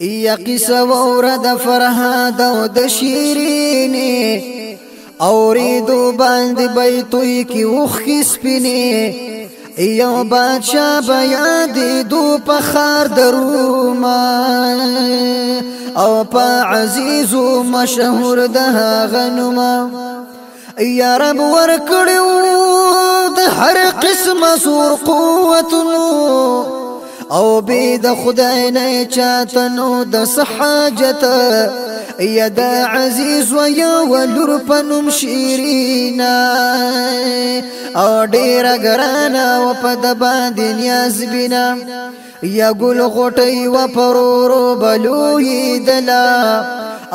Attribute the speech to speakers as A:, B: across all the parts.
A: یا قصه وره د فرهاد او د شیرینه اوریدو باندې بیتوی کی وخ سپینه یو بادشاہ بیا دی دو پخار دروما او په عزیز او مشهور ده غنما یا رب ور کړو د هر قسمه سور قوت نو او بی د خدای نه چاته نو د صحاجت یا د عزیز و یا ولور پنوم شیرینا او ډیر ګرانا و په د باندې نیاز بنا یا ګل غټي و پرورو بلوی دلا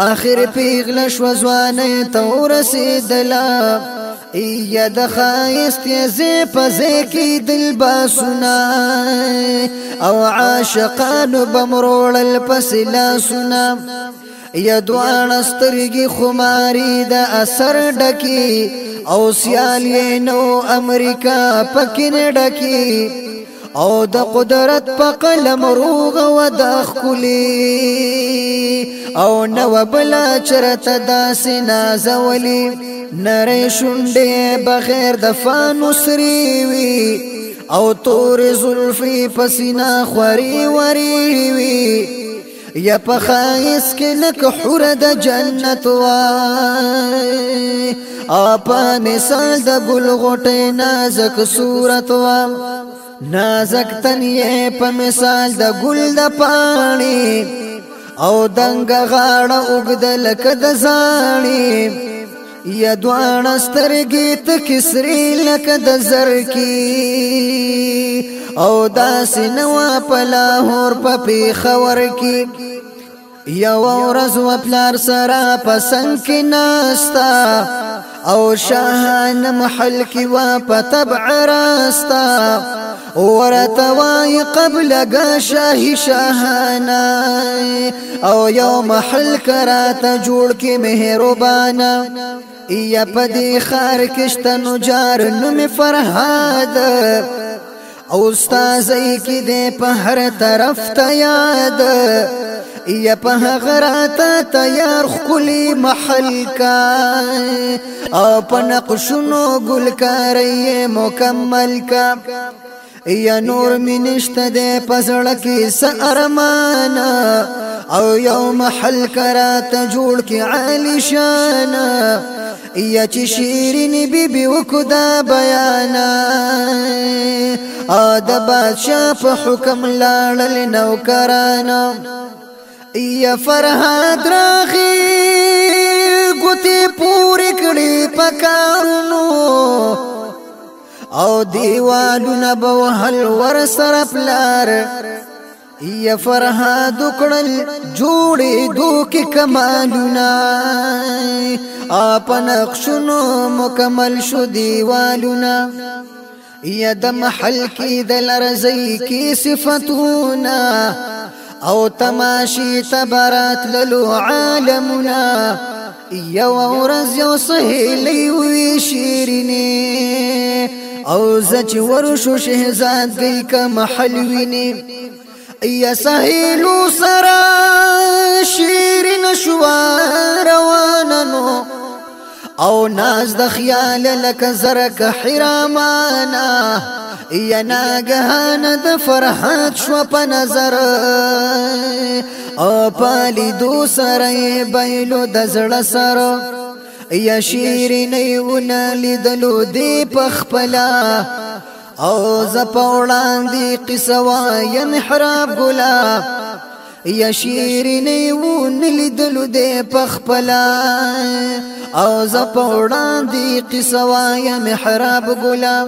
A: اخر پیغله شو ځوانه تور سیدلا یا د خایست یزه پزې کې دل با سنا او عاشقان بمرول پسلا سنا یا دوان سترګي خماري د اثر ډکی او سیال نو امریکا پکې ډکی او د قدرت په قلم روغ و د خولي او نو بلا چرته داسې نازولي نری شونډې بغیر د فانوس ریوي او تور زلفي پسینا خوري وري وي یا په خایس کې لکه حور د جنت وای اپا مثال د ګل غټې نازک صورت وای نازک تنې په مثال د ګل د پانی او دنګ غاړه وګد لک د زانی یا دوان سترګې ته کسری لک د زرکی او داس نوا په لاهور په پی خبر کی یو ورځ و پلار سره پسند کې ناستا او شاهان محل کې وا په تبع راستا ورتوای قبل گا شاهی شاهانا او یو محل کراتا جوړ کې مهربانا یا پدی خار کشتنو جار نوم فرهاد او استازی کی دے په هر طرف ته یاد یا په غراتا تیار خلی محل کا او په نقشونو ګل کاری مکمل کا یا نور منشته د پزړه کې سرمانا او یو محل کرا ته جوړ کې عالی شانا یا چې شیرین بیبي وکدا بیانا ا د بادشاہ په حکم لاړل نو کرانا یا فرهاد راخي ګوتې پورې کړې پکارونو او دیوالونه به هل ور سره پلار یا فرهاد کړل جوړې دوکې کمالونه اپن نقشونو مکمل شو دیوالونه یا د محل کې د لرزي کې صفاتونه او تماشي تبرات للو عالمنا یو ورځ یو سهیلی وی شیرینه او زچ ورشو شهزاد دی کا محل ویني ایا سهیلو سرا شیرین شوا رواننو او ناز د خیال لک زرک حرامانا یا ناگهان د فرحات شو په نظر او پالی دو سره بیلو د زړه سره یا شیرینی اونا لیدلو دی پخپلا او زپوڑان دی قصوا یا محراب گلا یا شیرینی اون لیدلو دی پخپلا او زپوڑان دی قصوا یا محراب گلا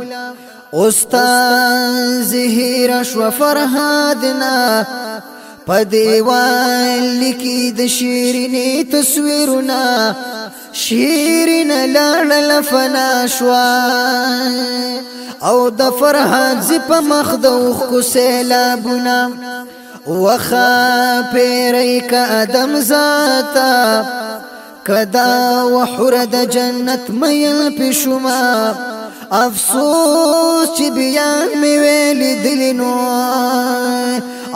A: استاد زهیر شو فرهادنا په دیوال کې د شیرینې تصویرونه شیرین لاړل فنا شوا او د فرحات ز په مخ د وخ کو سیلابونه وخا پیری ک ادم ذاتا کدا وحر د جنت مې پښما افسوس چې بیا مې ویل دلینو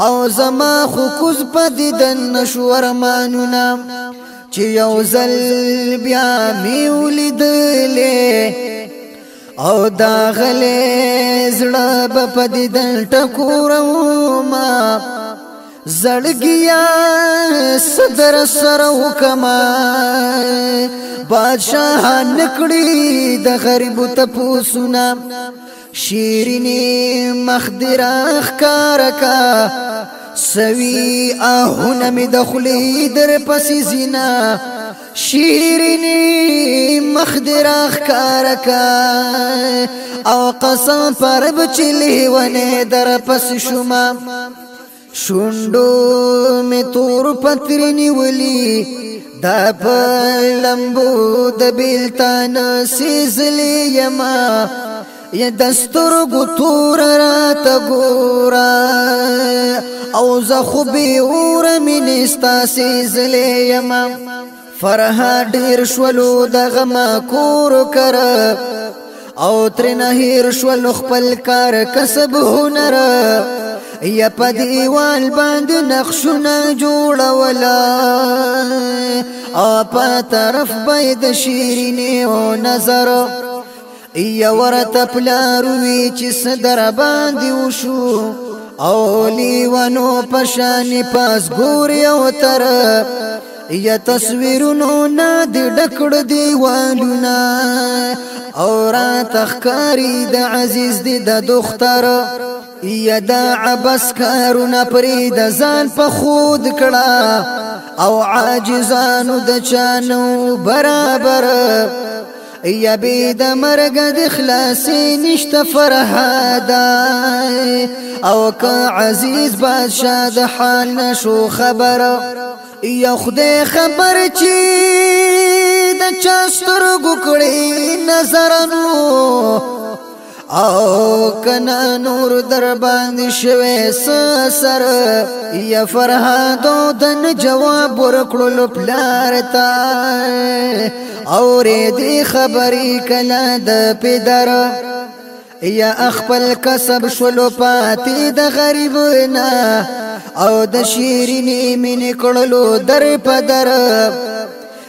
A: او زما خو کوز په دیدن نشو ارمانونه چې یو زل بیا می ولیدلې او دا غلې زړه په دې دل ټکورو ما زړګیا صدر سره وکما بادشاہ نکړي د غریب ته پوسونه شیرینی مخدره ښکار کا سوي اهونه می دخلی در پسې زینا شیرینی مخ دراخ کارکا او قسم پر بچلی ونه در پس شما شوندو می تور پترینی ولی دا په لمبو د بیلتان سیزلی یما یا دستور گو تور را تا گورا او زه خو به اور مینې ستاسې زلې یم فرها ډیر شولو د غم کور کر او تر نه هیر شول خپل کار کسب هنر یا په دیوال باندې نقشونه جوړولا او په طرف بيد شیرینه او نظر یا ورته پلار وی چې صدر باندې وشو او لیوانو پشانی پاس ګوري او تر یا تصویرونو نه د ډکړ دیوالونه او را تخکاری د عزیز دی د دختر یا د عبس کارونه پرې د ځان په خود کړه او عاجزانو د چانو برابر یا بی د مرګ د خلاصي نشته فرهادا او که عزیز بادشاہ د حال نشو خبر یا خدای خبر چی د چستر ګکړې نظر نو او کنا نور در باندې شوي سر یا فرهادو دن جواب ورکړل پلار تا او دې خبرې کلا د پدر یا خپل کسب شلو پاتې د غریب نه او د شیرینې مینې کړلو در پدر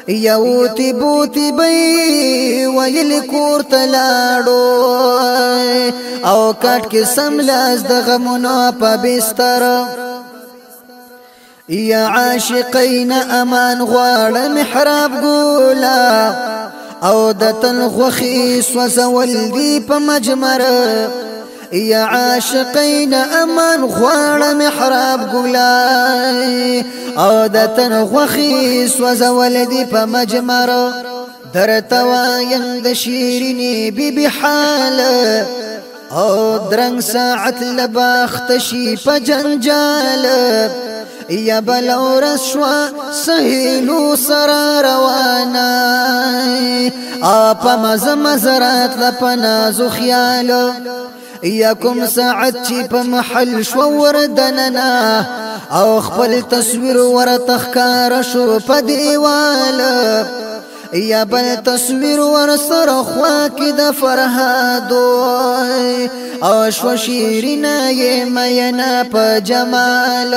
A: یوتی بوتی بی ویل کور تلاړو او کټ کې سملاس د غمونو په بستر یا عاشقین امان غواړه محراب ګولا او د تن خوخي سوسول دی په مجمره یا عاشقین امان غواړه محراب ګلای او د تن خوخي سوزول دی په مجمر درته وایم د شیرینی بیبي حال او درنګ ساعت لباخت شي په جنجال یا بلو رشوا سهیلو سرا روانا اپا مزم زرات لپنازو خیالو یا کوم ساعت چې په محل شو وردننا او خپل تصویر ور تخکار شو په دیوال یا بل تصویر ور سره خوا کې د فرهادو او شو شیرینا یې مینا په جمال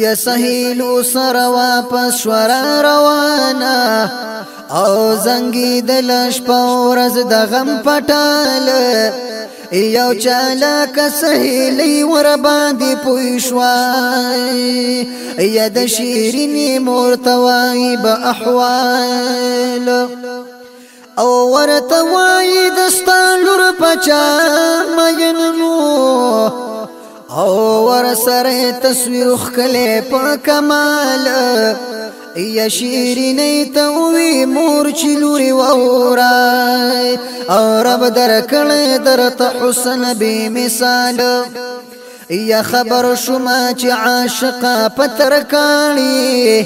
A: یا سهیلو سره واپس شورا روانه او زنګي د لښ په ورځ د غم پټاله یو چالا کسهلی ور باندې پوښوا یا د شیرینی مرتوای به احوال او ورته وای دستانور پچا مینمو او ور سره تصویر خله په کمال یا شیرینی توی مور چی لوری وورای او رب در کل در تا حسن بی مثال یا خبر شما چې عاشقا پتر کالی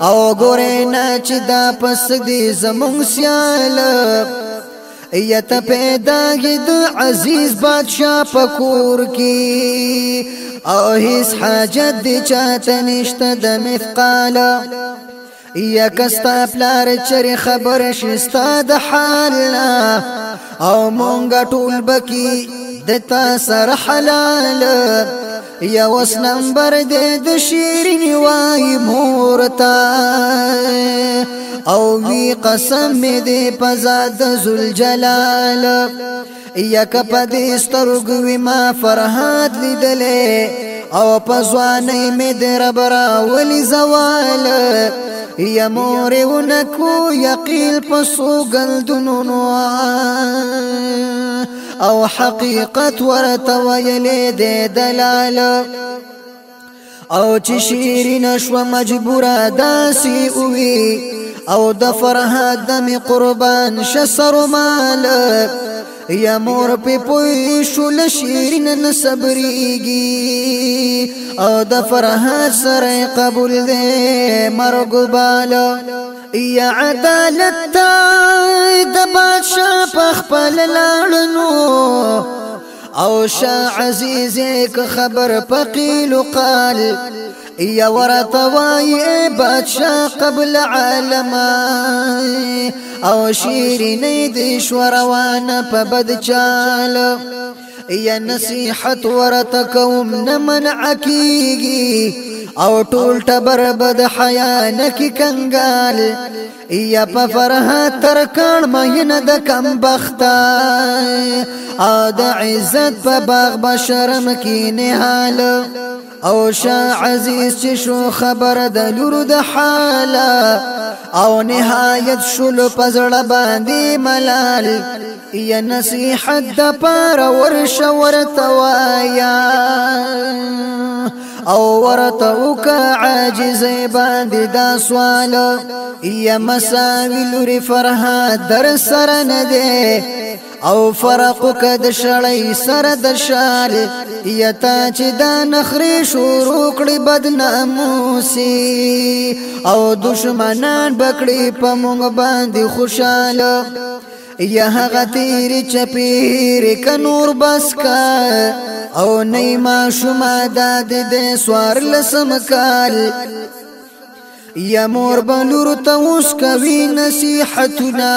A: او ګورې نه چې دا پس دی زمونږ سیال یا ته پیدا د عزیز بادشاہ پکور کی او هیڅ حاجت دی چاته نشته د مثقال یا کستا پلار چر خبر شستا د حال او مونږ ټول بکی دتا سر حلال یا وس نمبر دې د شیرین وای مورتا او وی قسم دې پزاد ذل جلال یا کپ دې سترګو ما فرهاد لیدلې او پزوانې مې در برا ولي زوال یا مور نکو یقیل پسو گلدنو او حقیقت ورته ویلې دې دلال او چې شیرین شو مجبوره داسي اوي او د فرهاد قربان شسر مالک یا مور په پوي شول شیرین نه صبرېږي او د فرح سره قبول دې مرګ بالا یا عدالت د بادشاہ په خپل لاړنو او شاه عزیز که خبر فقیل قال یا ورتوای بادشاہ قبل عالم او شیرینه د شوروان په بد چال یا نصیحت ورته کوم نه منع کیږي او ټول ټبر بد حیا نکی کنګال یا په فرحه تر کان مهنه د کم بختا آد عزت په باغ بشرم کی نهاله او شاه عزیز چې شو خبر د لور د حاله او نهایت شل پزړه باندې ملال یا نصیحت د پار ورش ورته او ورته وک عاجز باندې دا سوال یا مساوی لور فرها در سره نه او فرق کد شړی سر د شال یتا چې د نخري شروع کړي بدناموسی او دشمنان بکړي په مونږ باندې خوشاله یا هغه تیر چپیر ک نور بس کا او نیما شوما داد د سوار لسم کال یا مور بلور ته اوس کوي نصيحتنا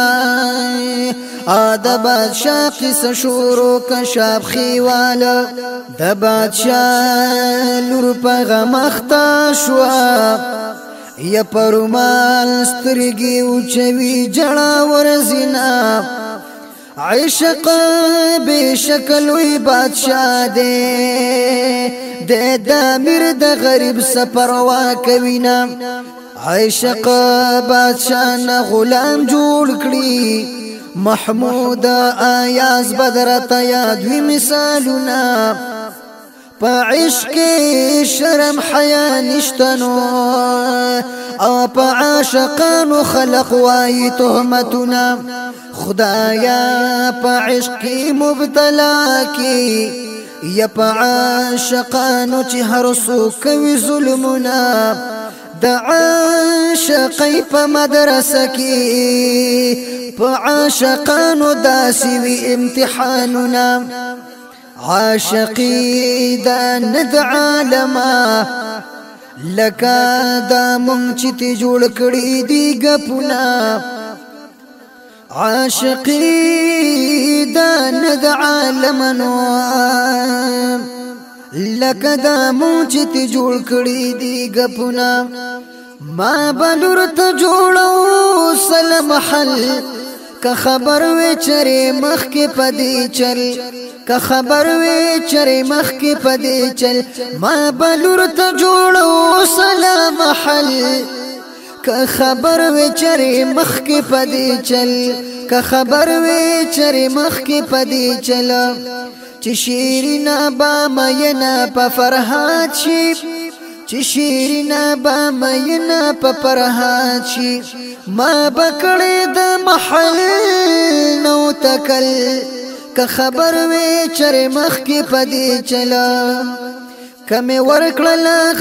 A: ا بادشاہ قصه شروع ک شاب خيواله د بادشاہ لور په غمخته شو یا پرمال سترګي اوچوي جړا ورزنا عشق به شکل وی بادشاہ دې د دامیر د غریب سفر وا کوینا عشق بادشاہ نه غلام جوړ کړی محمود آیاز بدرت یاد وی مثالونه په عشق شرم حیا نشتنو او په عاشقانو خلق وای تهمتنا خدایا په عشق مبتلا کی یا په عاشقانو چې هر څوک وی ظلمونه دعا عاشقې په مدرسه کې په عاشقانو داسې وی امتحانونه عاشقي دا ند عالمه لکه دا مونږ چې تی جوړ کړی ګپونه دا ند عالمه نو لکه دا مو چې تی جوړ کړی دی غپنا ما بنور ته جوړو سلام حل که خبر وې چرې مخ کې پدې چل که خبر وې چرې مخ کې پدې چل ما بنور ته جوړو سلام حل که خبر وې چرې مخ کې پدې چل که خبر وې چرې مخ کې پدې چل چې شیرینا با مینا په فرحات شي چې شیرینا با مینا په فرحات شي ما بکړې د محل نو تکل که خبر وې چر مخ کې پدې چلا کمه ورکړه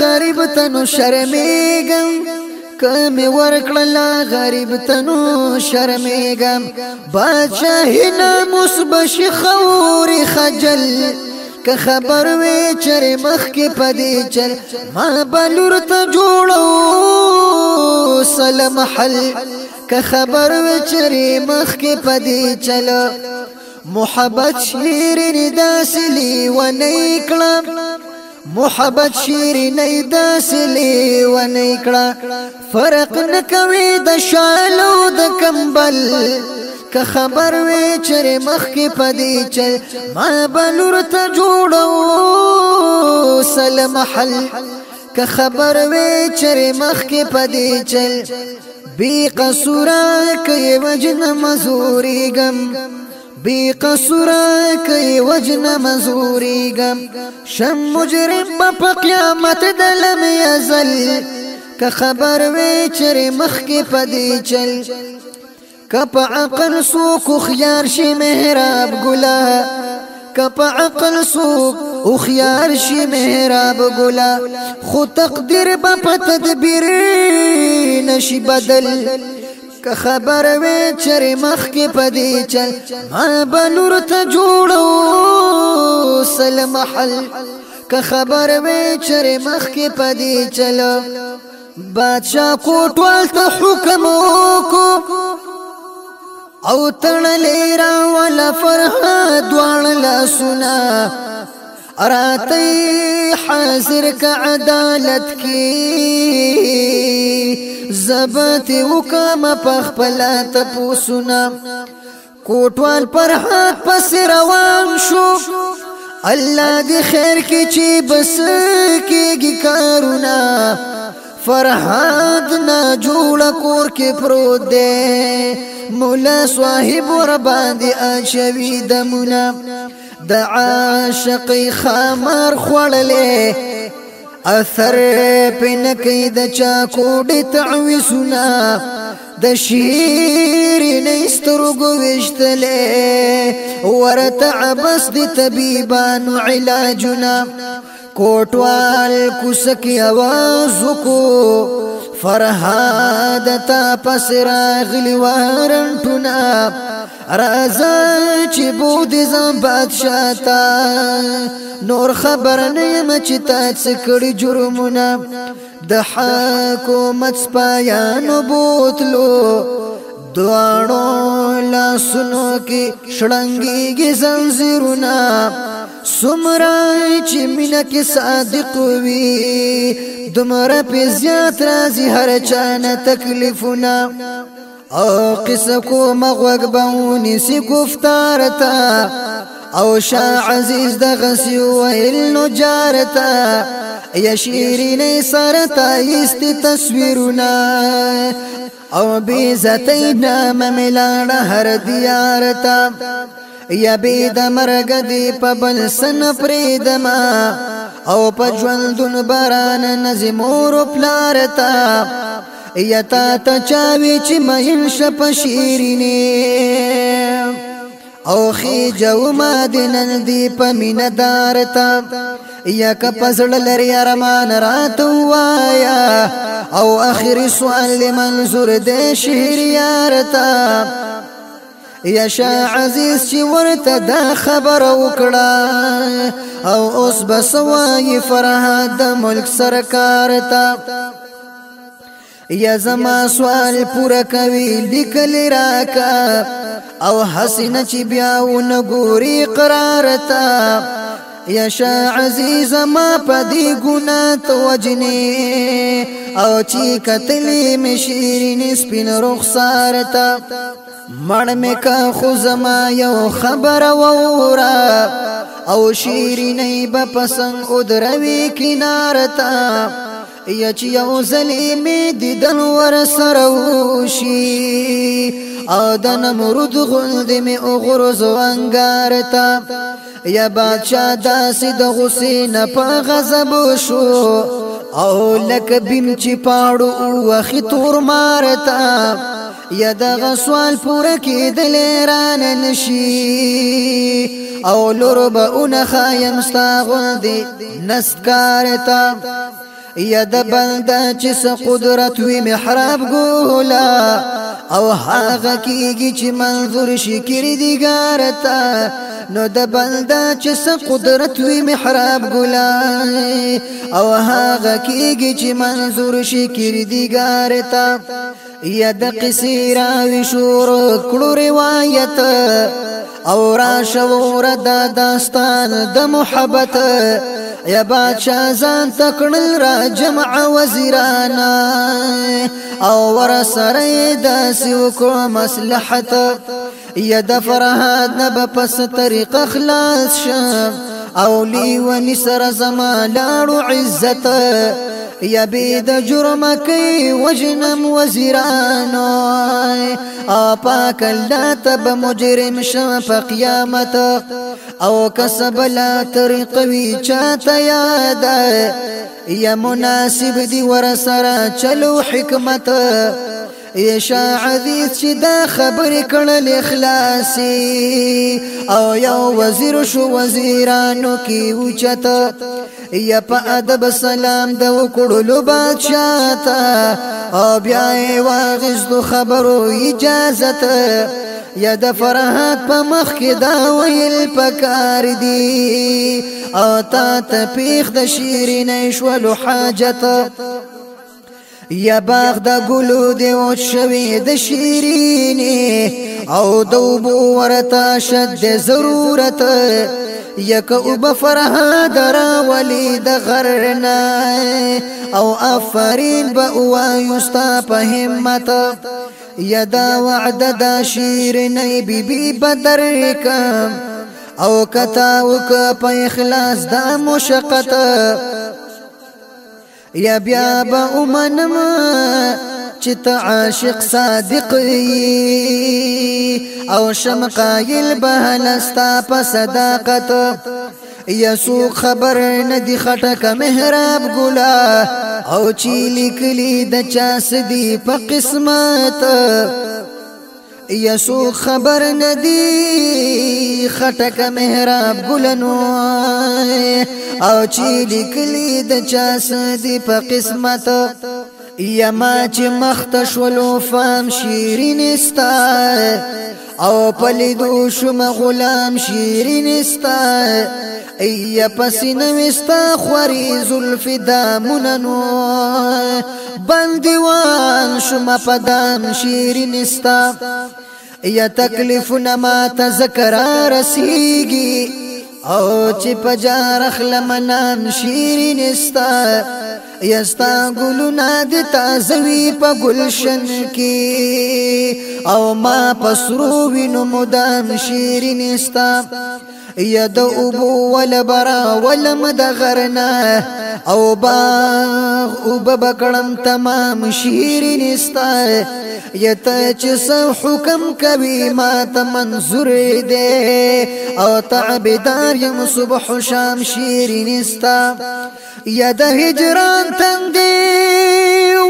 A: غریب تنو شرمېږم کمی ورکړلا غریب تنو شرمېګم بادشاہی ناموس بش خوري خجل که خبر وې چر مخ کې پدې چل ما بلور ته جوړو سلام حل که خبر وې چر مخ کې پدې چل محبت شیر داسلی و نه کړم محبت شیرینی د سلی و نیکړه فرق نکوي د شالو د کمبل که خبر وې چر مخ کې پدی چل ما بلور ته جوړو سل محل که خبر وې چر مخ کې پدی چل بی قصورا کې وجن مزوري غم بی قصورا کئی وجن مزوری گم شم مجرم پا قیامت دلم یزل که خبر وی چر مخ کی پدی چل که پا عقل سوک اخیار شی محراب گلا که پا عقل سوک اخیار شی محراب گلا خو تقدیر با پا تدبیر نشی بدل که خبر وې چر مخ کې پدې چل ما بنور ته جوړو سل محل که خبر وې چر مخ کې پدې چل بادشاہ کوټ ولته حکم وکړو او تړلې را ولا فرها دوان لا سنا راتی حاضر کا عدالت کی زبط وکم پخپل تپوسنا کوټوال پر حد پس روان شو الله دې خیر کې چې بس کېږي کارونه فرحاد نه جوړ کور کې پروت دی مولا صاحب ور باندې اچوي دمونه د عاشق خمر خړلې اثر پنکې د چا کوډ تعويسنا د شیر نسترګو وشتلې ورته بس د طبيبانو علاجنا کوټوال کوسکی आवाज کو فرهاد تا پس راغلی وارن ټونا رازا چې بود زم بادشاہ تا نور خبر نه يم چې تا څه کړی جرمونه د حکومت سپایا نو بوتلو دوانو لاسونو کې شړنګيږي زنجیرونه سمره چې مینا کې صادق وي دمره په زیات راځي هر چانه تکلیفونه او قصه کو مغوګ بونی سی گفتار تا او شا عزیز د غسی ویل نو جارتا یا شیرینه سره تا است تصویرونه او بی زتی نام ملان هر دیارتا یا بی د مرګ دی په بل سن پریدما او په ژوندون باران نزمور پلارتا یا تا ته چاوي چې مهین شپ شیرینه او خي جو ما دنن دی په میندارتا یا کپسړ لري ارمان راتو وایا او اخر سوال لمنظور دې شهر یارتا یا شاه عزیز چې ورته دا خبر وکړه او اوس بس وایي فرهاد د ملک سرکار ته یا زما سوال پورا کوي لیکل راکا او حسینه چې بیا ونګوري قرار ته یا شا عزیز ما پدی گنا توجنی او چی کتلی می شیرین سپین رخسار تا مړ مې کا خو زما یو خبر وورا او شیرینې به پسنګ ودروي کینار تا یا چې یو زلیمې دیدن ور سره وشي او د نمرود غل دې مې او غرز وانګار تا یا بادشاہ داسې د غصې نه په غضب شو او لکه بیم چې پاړو وخی تور مارتا یا دغه سوال پوره کېدل رانه نشي او لور به اون خایم ستا غوندي نسکارتا یا د بنده چې س قدرت وي محراب ګولا او هغه کیږي چې منظور شکر دیګارتا نو د بنده چې س قدرت وي محراب ګولا او هغه کیږي چې منظور شکر دیګارتا یا د قصې راوي شور کړو روایت او را شور د داستان د محبت یا بادشاہ ځان تکړل را جمع وزیرانا او ور سره د سیو کو مصلحت یا د فرهاد نه پس طریق خلاص شه او لی ونی سره زما لاړو عزت یا بی د جرم کوي وجنم وزیرانو اپا کلا تب مجرم شم په قیامت او کسب لا طریق وی يا یاد یا مناسب دی ور سره چلو حکمت ایشا عزیز چې دا خبرې کړل اخلاصي او یو وزیر شو وزیرانو کې اوچت یا په ادب سلام د وکړلو بادشاہ تا او بیا یې واغښتو خبرو اجازه ته یا د فرحات په مخ کې دا ویل پکار دی او تا ته پیخ د شیرینې شولو حاجت یا باغ د ګلو دی او شوي د شیرینی او دوبو ورتا شد ضرورت یک وب فرها درا ولی د غرنا او افرین به وایستا په همت یدا وعده د شیرینی بیبي بدر کم او کتا وک په اخلاص د مشقت یا بیا با ومنم چت عاشق صادق او شم قائل به نستا په صداقت یا سو خبر ندی خټک محراب ګلا او چی لیکلی د چاس دی په قسمت یسو خبر ندی خټک محراب ګلنو او چې لیکلی د چاس دی په قسمت یما چې مخت شولو فام شیرین استا او پلیدو شم غلام شیرین استا ای پسینو استا خوری زلف داموننو بندیوان شما پدان شیرین استا یا تکلیفونه ما ته ذکر رسیږي او چې پجار اخلم نام شیرین استا یستا ګلونه د تازوي په گلشن کې او ما پسرو وینم مدام شیرین استا یا د اوبو ول برا ولم د غرنا او باغ او بکړم تمام شیرین استا یته چې سو حکم کوي ما ته منظور دی او تعبدار یم صبح و شام شیرین استا یا د هجران تندې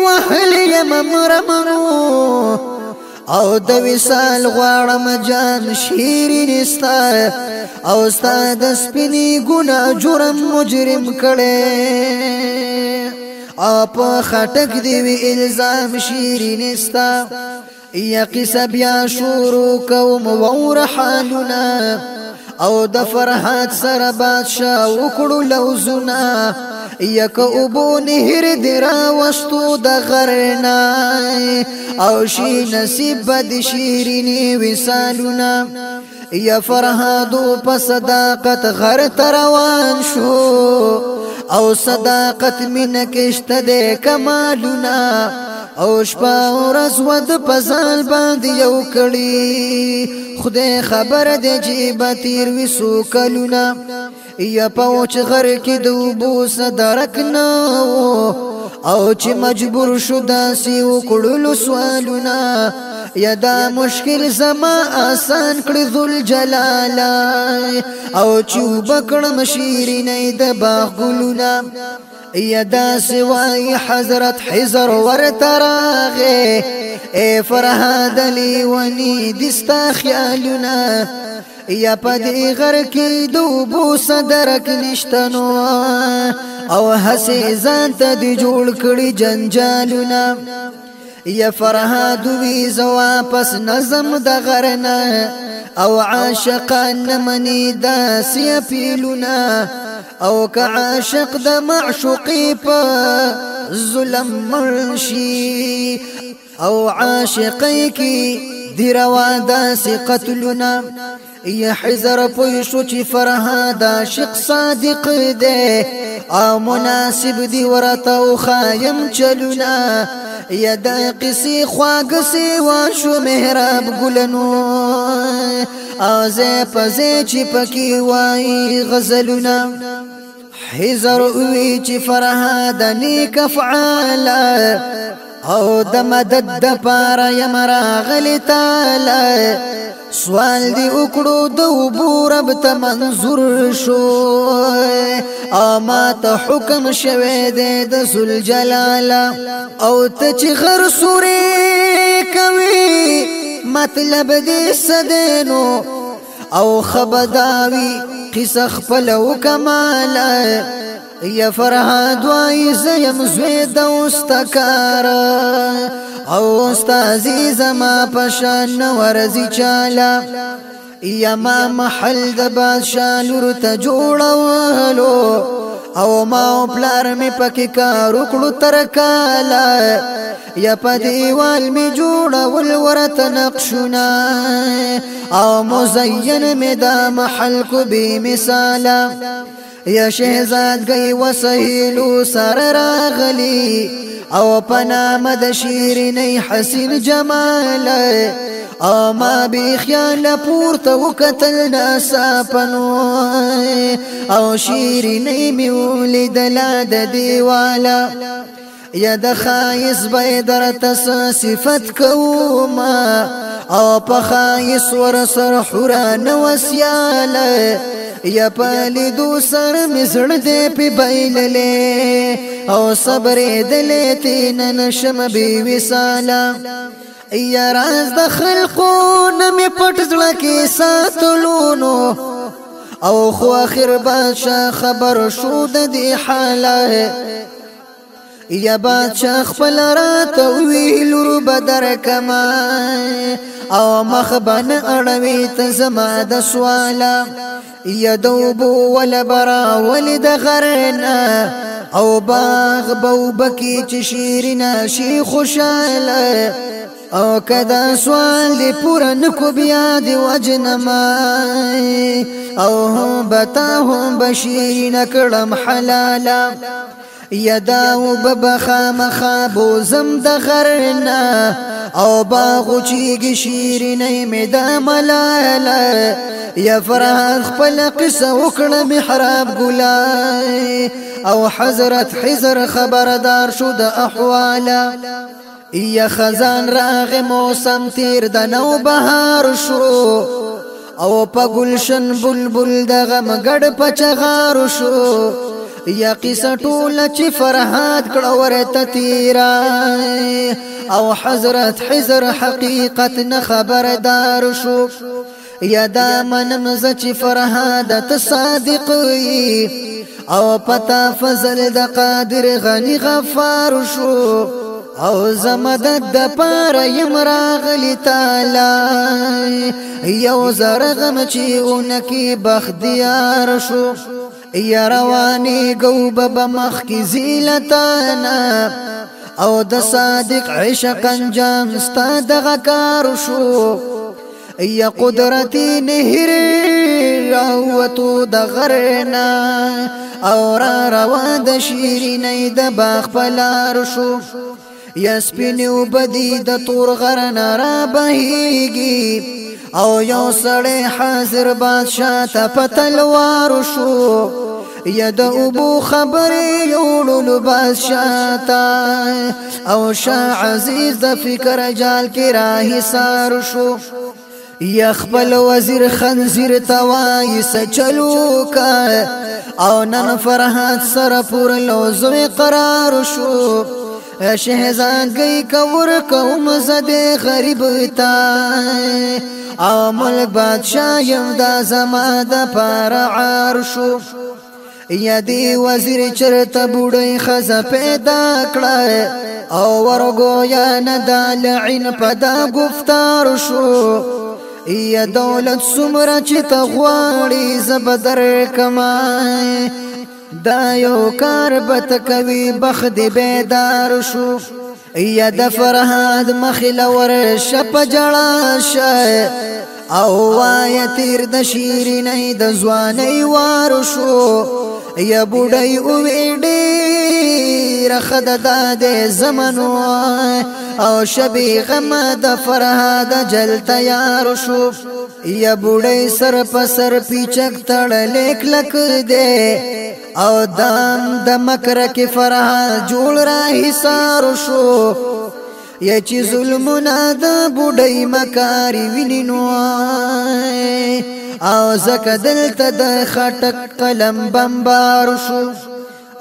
A: وهل یم مرمنو او د وصال غواړم جان شیرین ستا او استاد سپینی ګنا جرم مجرم کړي اپ خټک دی وی الزام شیرین ستا یا قصه بیا شروع کوم وور حالنا او د فرحات سره بادشاه وکړو لوزنا یک اوبو نهر درا وستو د غرنا او شي نصیب د شیرینی وسالونا یا فرهادو په صداقت غر تروان شو او صداقت مین کشت د کمالونا او شپه ورځ ود پزال باندې یو کړی خدای خبر دې چې بتیر وسو کلونا یا پوچ غر کې د وبو صدرک نه او چې مجبور شو داسې وکړلو سوالونه یا دا مشکل زما آسان کړ ذل جلالا او چې بکړم شیرینې د باغ ګلونه یا دا سوای حضرت حزر ور تراغه اے فرهاد علی ونی دستا خیالونه یا پدې غر کې دوبو صدرک نشتنو او هسې ځان ته دی جوړ کړي جنجالونه یا فرهاد وی زوا پس نظم د غرنا او عاشقان منی داسیا پیلونا او که عاشق د معشوقی په ظلم مرشی او عاشقی کی دی روا داس قتلنا یا حزر پوی شو چې فرهاد عاشق صادق دی او مناسب دی ورته او خایم چلونا یا د قصې خواګسې وا شو محراب ګلنو ازه پزې چې پکې وای غزلونه حزر وی چې فرهاد نیک افعال او د مدد د پاره یمرا غلی تعالی سوال دی وکړو د وبو رب ته منظور شو اما ته حکم شوه دې د ذل جلال او ته چې غر سورې کوي مطلب دې سدنو او خبداوي قصه خپل او کمال یا فرهاد وای زیم زوی د واستکار او استازي زما پشان ورزي چالا یا ما محل د بادشاہ لور ته جوړولو او ما پلار می پکې کار وکړو تر کاله یا په دیوال می جوړول ورته نقشونه او مزین می دا محل کو به مثاله یا شهزادګي وسهیلو سره راغلی او پنامه د شیرینې حسین جمال او ما بی خیال پورته وکتل ناسا پنو او شیرینې می ولیدل د دیواله یا د خایس به درته صفت کوما او په خایس ور سر حوران وسیاله یا پالی دو سر مزړه دې په بیللې او صبر دلې تین نشم بي وسالا یا راز د خلقو نمې پټ زړه کې ساتلونو او خو اخر بادشاہ خبر شو د دې حاله یا بادشاہ خپل رات ویل ور بدر کما او مخبن اړوي ته زما د سوالا یا دوبو ول برا ول د غرنا او باغ بو بکی چې شیرین شي خوشاله او کدا سوال دی پورا نکو بیا دی وجنما او هم بتا هم بشیرین کړم حلالا یداو ببخا مخابو زم د غرنا او باغو چیگی شیرینی می دا ملالا یا فرحان خپل قصه وکړه محراب ګلای او حضرت حزر خبردار شو د احوالا یا خزان راغ موسم تیر د نو بهار شو او په گلشن بلبل د غم ګډ پچغار شو یا قصه ټوله چې فرهاد کړه ورته تیرا او حضرت حزر حقیقت نه خبردار شو یا دا منم زچ فرهاد ته صادق وي او پتا فضل د قادر غنی غفار شو او زمدد د پار یم راغلی تعالی یو زر غم چې اونکی بختیار شو یا رواني ګوب بمخ کی زیلتانا او د صادق عشق انجام ستا دغه کار شو یا قدرتي نهر راوتو د غرنا او را روا د شیرینې د باغ پلار شو یا سپینو بدی د تور غرن را بهیږي او یو سړی حاضر بادشاہ ته پتلوار شو یا د ابو خبرې یوړل بادشاہ ته او شاه عزیز د فکر جال کې راهي سار شو یا خپل وزیر خنزیر توای سچلو کا او نن فرحات سره پور لوزوی قرار شو شهزادګي کور کوم زده غریب تا او مل بادشاہ یم دا زما د پر عرشو یا دی وزیر چرته بوډۍ خزه پیدا کړه او ورګو یا نه د لعن پدا گفتار شو یا دولت سمره چې ته غواړي زبدر کمای دا یو کار بت کوي بخد بیدار شو یا د فرهاد مخل ور شپ جړا شه او وای تیر د شیرینې د ځواني وار شو یا بډای او وډې ډیر خد د زمنو او شبي غم د فرهاد جل تیار شو یا بوډۍ سر په سر پیچک تړ لیک لک دے او دام د مکر کې فرح جوړ را حصار شو یا چې ظلمونه د بډای مکاری وینینو او زکه دلته د خټک قلم بمبار شو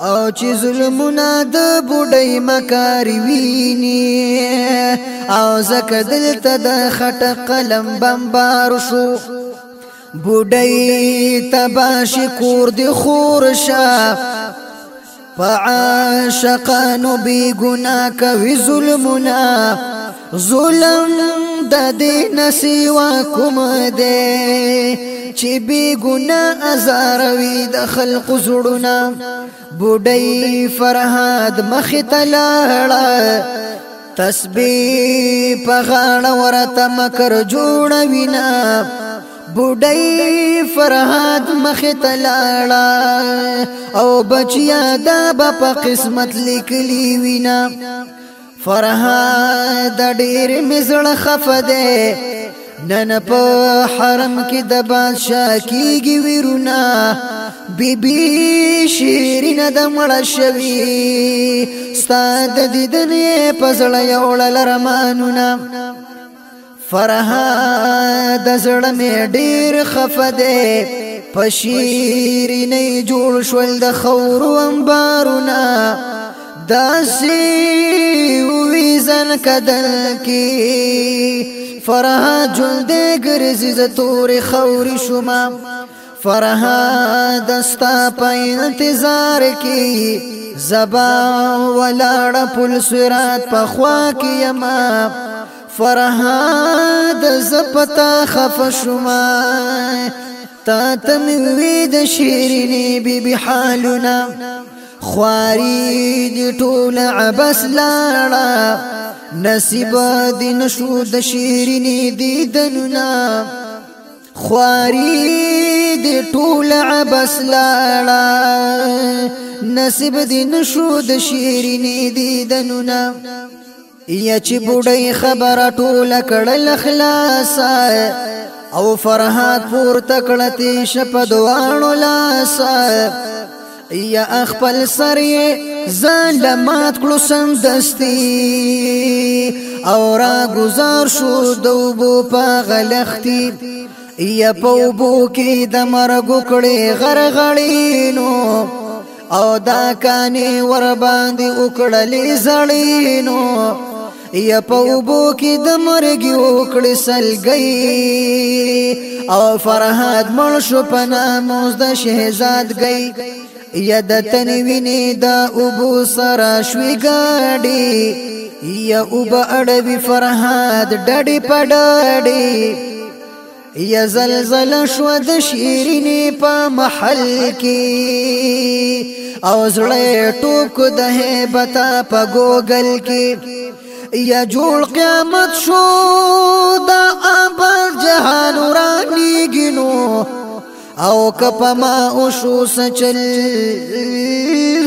A: او چې ظلمونه د بډای مکاری ویني او زکه دلته د خټ قلم بمبار شو بډای تباش کور دی خور شا فعاشقانو بی گنا کوي ظلمنا ظلم د دې نسوا کوم دی چې بی ګنا ازاروي د خلق زړونه بډای فرهاد مخ تلاړه تسبیح په غاړه ورته مکر جوړوي نه بډای فرهاد مخ تلاړه او بچیا دا په قسمت لیکلی وینا فرهاد ډېر مزړه خفده نن په حرم کې د بادشاہ کیږي ویرونا بیبي شیرین د مړ شوی ستاد دیدنې پزړ یو لرمانونا فرها د زړه مې ډیر خفده پشیرینې جوړ شول د خور انبارونه داسی وی زن کدل کی فرها جلد گرزی ز تور خور شما فرها دستا په انتظار کی زبا ولاړ پل سرات په خوا کی یما فرها د زپتا خف شما تا تم وی د شیرینی بی بی حالنا خواري دي ټول عبس لاړه نصیب دي نشو د شیرینی دي دنونا خواري دي ټول عبس لاړه نصیب دي نشو د شیرینی دي دنونا یا چې بډای خبره ټوله کړل خلاصه او فرحات پور تکړه تی شپ دوانو لاسه یا خپل سرې ځان لمات کړو سندستي او را گزار شو دوبو په غلختي یا په بو کې د مرګ کړې غرغړینو او دا کانی ور باندې وکړلې زړینو یا په بو کې د مرګ وکړې سلګي او فرهاد مړ شو په ناموز د شهزاد گئی یا د تنوینې د ابو سرا شوی گاډي یا اوب اړوي فرهاد ډډي پډړي یا زلزل شو د شیرینې په محل کې او زړه ټوک د هیبت په ګوګل کې یا جوړ قیامت شو د ابر جهان ورانیږي نو او کپا ما او شو سچل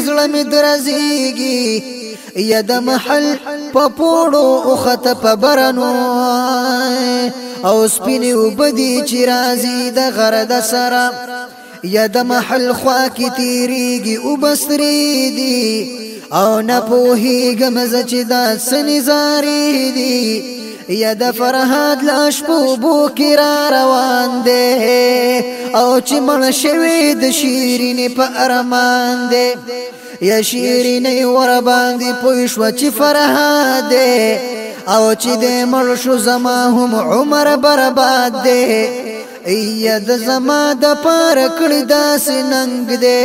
A: زړه می درزيږي یا د محل په پوړو او خط په برنو او سپینې وبدي چې راځي د غره د سره یا د محل خوا کې تیریږي او بسري دي او نه پوهیږم زه چې دا سنې زاري دي یا د فرهاد لاش په بو کې را روان دی او چې مړ شوی د شیرین په ارمان دی یا شیرین ور باندې پوي شو چې فرهاد دی او چې د مړ شو زما هم عمر برباد دی ای د زما د پار کړی داس ننګ دی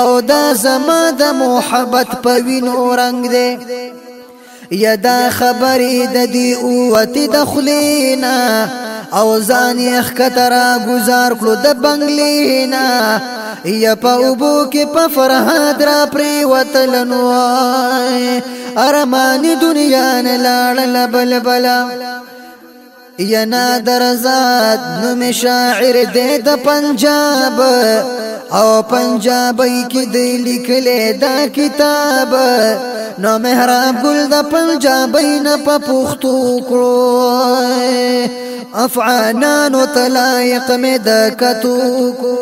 A: او دا زما د محبت په وینو رنگ دی یدا خبرې د دی اوتی د خلینا او ځان یې خترا گزار کړو د بنگلینا یا په اوبو کې په فرهاد را پری وتلنو ارمانی دنیا نه لاړل بلبلا یا نادر زاد نوم شاعر دې د پنجاب او پنجابی کې دې لیکلې دا کتاب نو محراب ګل د پنجابی نه په پښتو کړو افعانانو تلایق مې د کتو کو